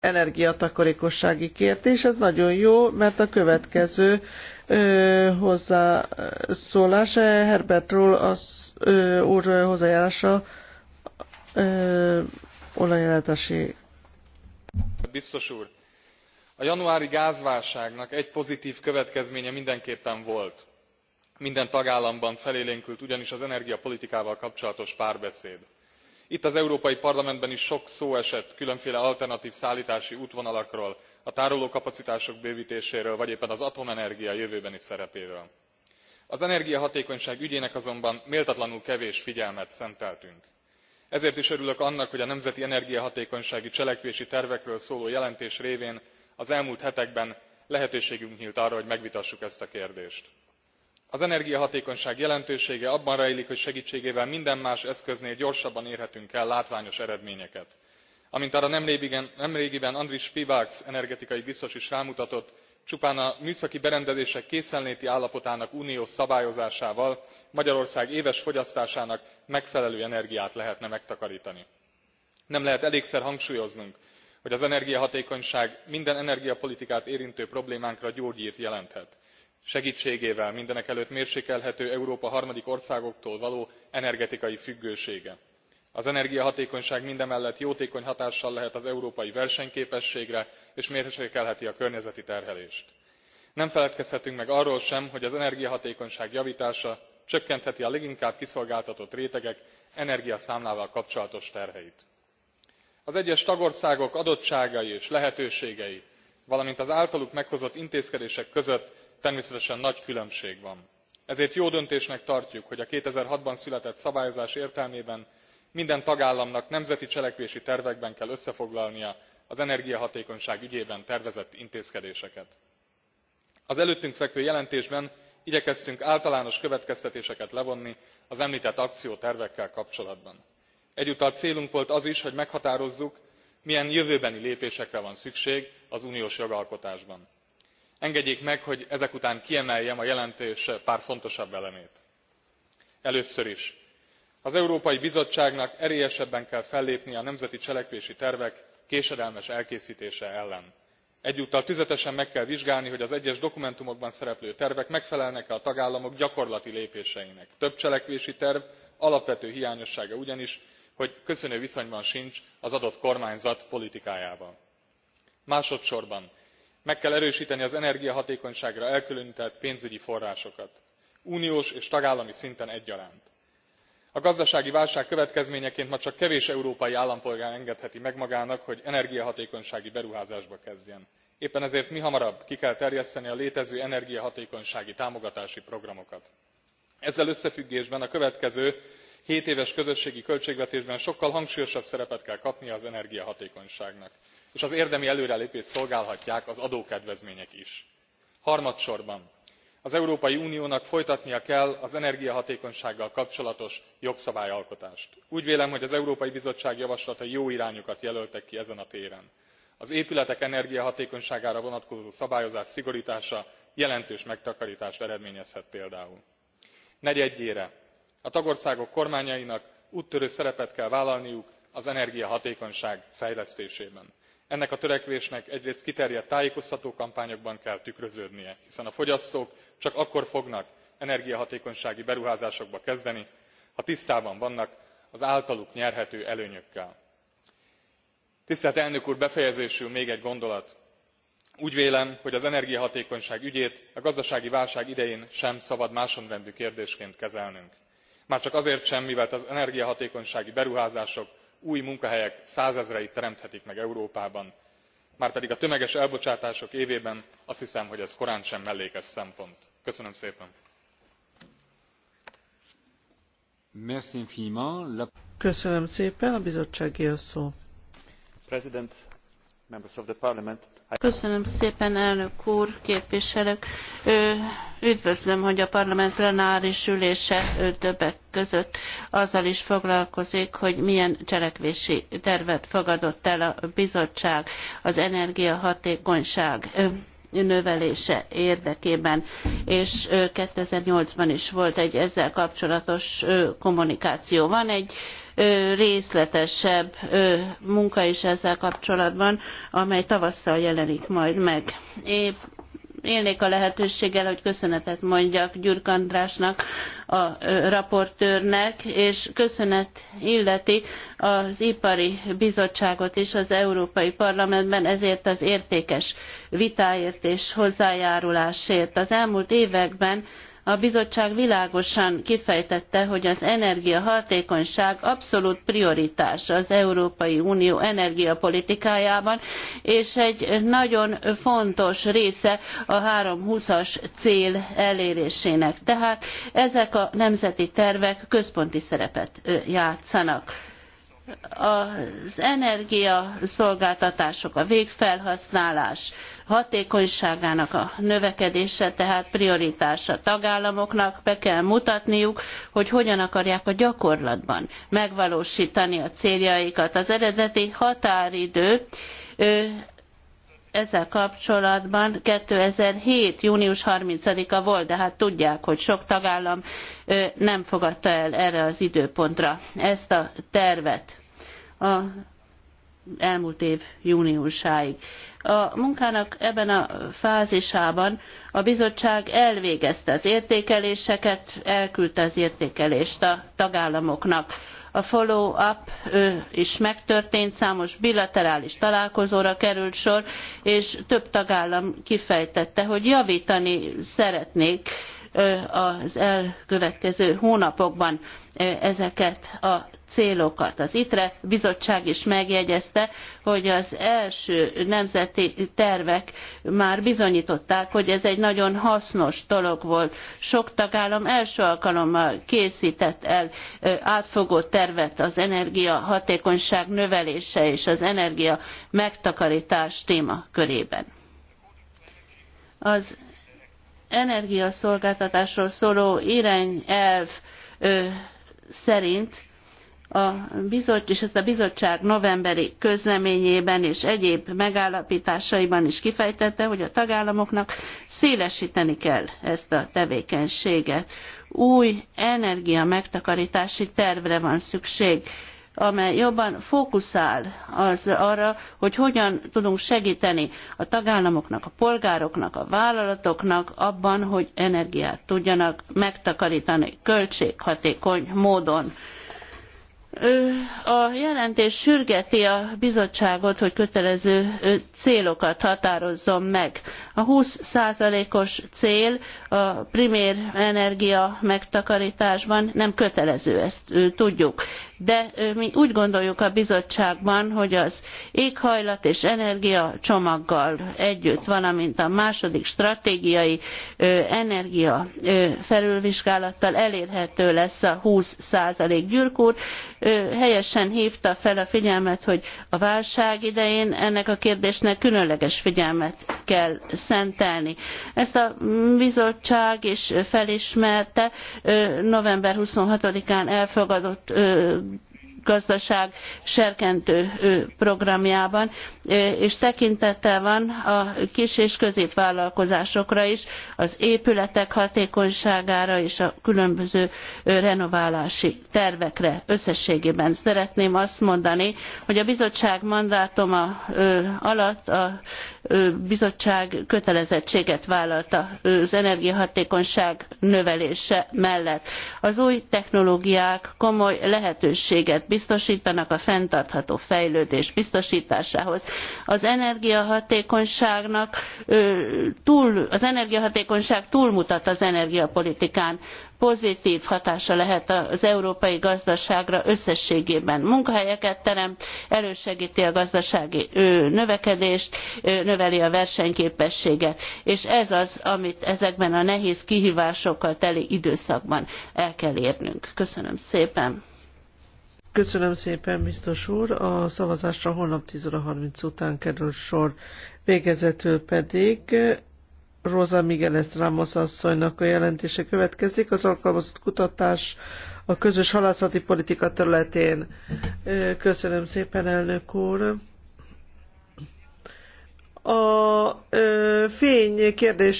energiatakarékossági kérdés. Ez nagyon jó, mert a következő ö, hozzászólás eh, Herbert az ö, úr hozzájárása ö, olajjelentési. Biztos úr, a januári gázválságnak egy pozitív következménye mindenképpen volt. Minden tagállamban felélénkült ugyanis az energiapolitikával kapcsolatos párbeszéd itt az európai parlamentben is sok szó esett különféle alternatv szálltási útvonalakról a tárolókapacitások bővtéséről vagy éppen az atomenergia jövőbeni szerepéről. az energiahatékonyság ügyének azonban méltatlanul kevés figyelmet szenteltünk. ezért is örülök annak hogy a nemzeti energiahatékonysági cselekvési tervekről szóló jelentés révén az elmúlt hetekben lehetőségünk nylt arra hogy megvitassuk ezt a kérdést az energiahatékonyság jelentősége abban rejlik hogy segtségével minden más eszköznél gyorsabban érhetünk el látványos eredményeket. amint arra nemrégiben andris piebalgs energetikai biztos is rámutatott csupán a műszaki berendezések készenléti állapotának uniós szabályozásával magyarország éves fogyasztásának megfelelő energiát lehetne megtakartani. nem lehet elégszer hangsúlyoznunk hogy az energiahatékonyság minden energiapolitikát érintő problémánkra gyógyrt jelenthet segtségével mindenekelőtt mérsékelhető európa harmadik országoktól való energetikai függősége. az energiahatékonyság mindemellett jótékony hatással lehet az európai versenyképességre és mérsékelheti a környezeti terhelést. nem feledkezhetünk meg arról sem hogy az energiahatékonyság javtása csökkentheti a leginkább kiszolgáltatott rétegek energiaszámlával kapcsolatos terheit. az egyes tagországok adottságai és lehetőségei valamint az általuk meghozott intézkedések között természetesen nagy különbség van ezért jó döntésnek tartjuk hogy a two thousand and six ban született szabályozás értelmében minden tagállamnak nemzeti cselekvési tervekben kell összefoglalnia az energiahatékonyság ügyében tervezett intézkedéseket. az előttünk fekvő jelentésben igyekeztünk általános következtetéseket levonni az emltett akciótervekkel kapcsolatban. egyúttal célunk volt az is hogy meghatározzuk milyen jövőbeni lépésekre van szükség az uniós jogalkotásban engedjék meg hogy ezek után kiemeljem a jelentés pár fontosabb elemét. először is az európai bizottságnak erélyesebben kell fellépnie a nemzeti cselekvési tervek késedelmes elkésztése ellen. egyúttal tüzetesen meg kell vizsgálni hogy az egyes dokumentumokban szereplő tervek megfelelnek e a tagállamok gyakorlati lépéseinek. több cselekvési terv alapvető hiányossága ugyanis hogy köszönő viszonyban sincs az adott kormányzat politikájával. másodsorban meg kell erősteni az energiahatékonyságra elkülöntett pénzügyi forrásokat uniós és tagállami szinten egyaránt. a gazdasági válság következményeként ma csak kevés európai állampolgár engedheti meg magának hogy energiahatékonysági beruházásba kezdjen éppen ezért mihamarabb ki kell terjeszteni a létező energiahatékonysági támogatási programokat. ezzel összefüggésben a következő hétéves közösségi költségvetésben sokkal hangsúlyosabb szerepet kell kapnia az energiahatékonyságnak és az érdemi előrelépést szolgálhatják az adókedvezmények is. harmadsorban az európai uniónak folytatnia kell az energiahatékonysággal kapcsolatos jogszabályalkotást. úgy vélem hogy az európai bizottság javaslatai jó irányokat jelöltek ki ezen a téren. az épületek energiahatékonyságára vonatkozó szabályozás szigortása jelentős megtakartást eredményezhet például. negyedjére a tagországok kormányainak úttörő szerepet kell vállalniuk az energiahatékonyság fejlesztésében ennek a törekvésnek egyrészt kiterjedt tájékoztatókampányokban kell tükröződnie hiszen a fogyasztók csak akkor fognak energiahatékonysági beruházásokba kezdeni ha tisztában vannak az általuk nyerhető előnyökkel. tisztelt elnök úr befejezésül még egy gondolat úgy vélem hogy az energiahatékonyság ügyét a gazdasági válság idején sem szabad másodrendű kérdésként kezelnünk. már csak azért sem mivel az energiahatékonysági beruházások új munkahelyek százezreit teremthetik meg európában márpedig a tömeges elbocsátások évében azt hiszem hogy ez korántsem mellékes szempont. köszönöm szépen! Köszönöm szépen, elnök úr, képviselők. Üdvözlöm, hogy a parlament plenáris ülése többek között azzal is foglalkozik, hogy milyen cselekvési tervet fogadott el a bizottság az energiahatékonyság növelése érdekében, és eight ban is volt egy ezzel kapcsolatos kommunikáció. Van egy részletesebb munka is ezzel kapcsolatban, amely tavasszal jelenik majd meg. én élnék a lehetőséggel, hogy köszönetet mondjak Gyurk Andrásnak, a raportőrnek, és köszönet illeti az Ipari Bizottságot is az Európai Parlamentben ezért az értékes vitáért és hozzájárulásért. Az elmúlt években a bizottság világosan kifejtette, hogy az energiahatékonyság abszolút prioritás az Európai Unió energiapolitikájában, és egy nagyon fontos része a 320-as cél elérésének. Tehát ezek a nemzeti tervek központi szerepet játszanak az energiaszolgáltatások, a végfelhasználás hatékonyságának a növekedése, tehát prioritás a tagállamoknak, be kell mutatniuk, hogy hogyan akarják a gyakorlatban megvalósítani a céljaikat. Az eredeti határidő ezzel kapcsolatban 2007. június 30-a volt, de hát tudják, hogy sok tagállam nem fogadta el erre az időpontra ezt a tervet a elmúlt év júniusáig. A munkának ebben a fázisában a bizottság elvégezte az értékeléseket, elküldte az értékelést a tagállamoknak a follow-up is megtörtént, számos bilaterális találkozóra került sor, és több tagállam kifejtette, hogy javítani szeretnék az elkövetkező hónapokban ezeket a célokat. Az ITRE bizottság is megjegyezte, hogy az első nemzeti tervek már bizonyították, hogy ez egy nagyon hasznos dolog volt. Sok tagállam első alkalommal készített el átfogó tervet az energia hatékonyság növelése és az energia megtakarítás témakörében. Az energiaszolgáltatásról szóló irányelv ö, szerint a bizott, és ezt a bizottság novemberi közleményében és egyéb megállapításaiban is kifejtette, hogy a tagállamoknak szélesíteni kell ezt a tevékenységet. Új energia megtakarítási tervre van szükség amely jobban fókuszál az arra, hogy hogyan tudunk segíteni a tagállamoknak, a polgároknak, a vállalatoknak abban, hogy energiát tudjanak megtakarítani költséghatékony módon. A jelentés sürgeti a bizottságot, hogy kötelező célokat határozzon meg. A 20%-os cél a primér energia megtakarításban nem kötelező, ezt tudjuk de mi úgy gondoljuk a bizottságban, hogy az éghajlat és energia csomaggal együtt, valamint a második stratégiai energia felülvizsgálattal elérhető lesz a 20% Gyürk úr. Helyesen hívta fel a figyelmet, hogy a válság idején ennek a kérdésnek különleges figyelmet kell szentelni. Ezt a bizottság is felismerte november 26-án elfogadott gazdaság serkentő programjában, és tekintettel van a kis és középvállalkozásokra is, az épületek hatékonyságára és a különböző renoválási tervekre összességében. Szeretném azt mondani, hogy a bizottság mandátuma alatt a bizottság kötelezettséget vállalt az energiahatékonyság növelése mellett. Az új technológiák komoly lehetőséget biztosítanak a fenntartható fejlődés biztosításához. Az energiahatékonyságnak túl, az energiahatékonyság túlmutat az energiapolitikán pozitív hatása lehet az európai gazdaságra összességében. Munkahelyeket teremt, elősegíti a gazdasági növekedést, növeli a versenyképességet, és ez az, amit ezekben a nehéz kihívásokkal teli időszakban el kell érnünk. Köszönöm szépen! Köszönöm szépen, biztos úr. A szavazásra holnap 10 óra 30 után kerül sor. Végezetül pedig Rosa Migueles Ramos asszonynak a jelentése következik, az alkalmazott kutatás a közös halászati politika területén. Köszönöm szépen, elnök úr! A fény kérdés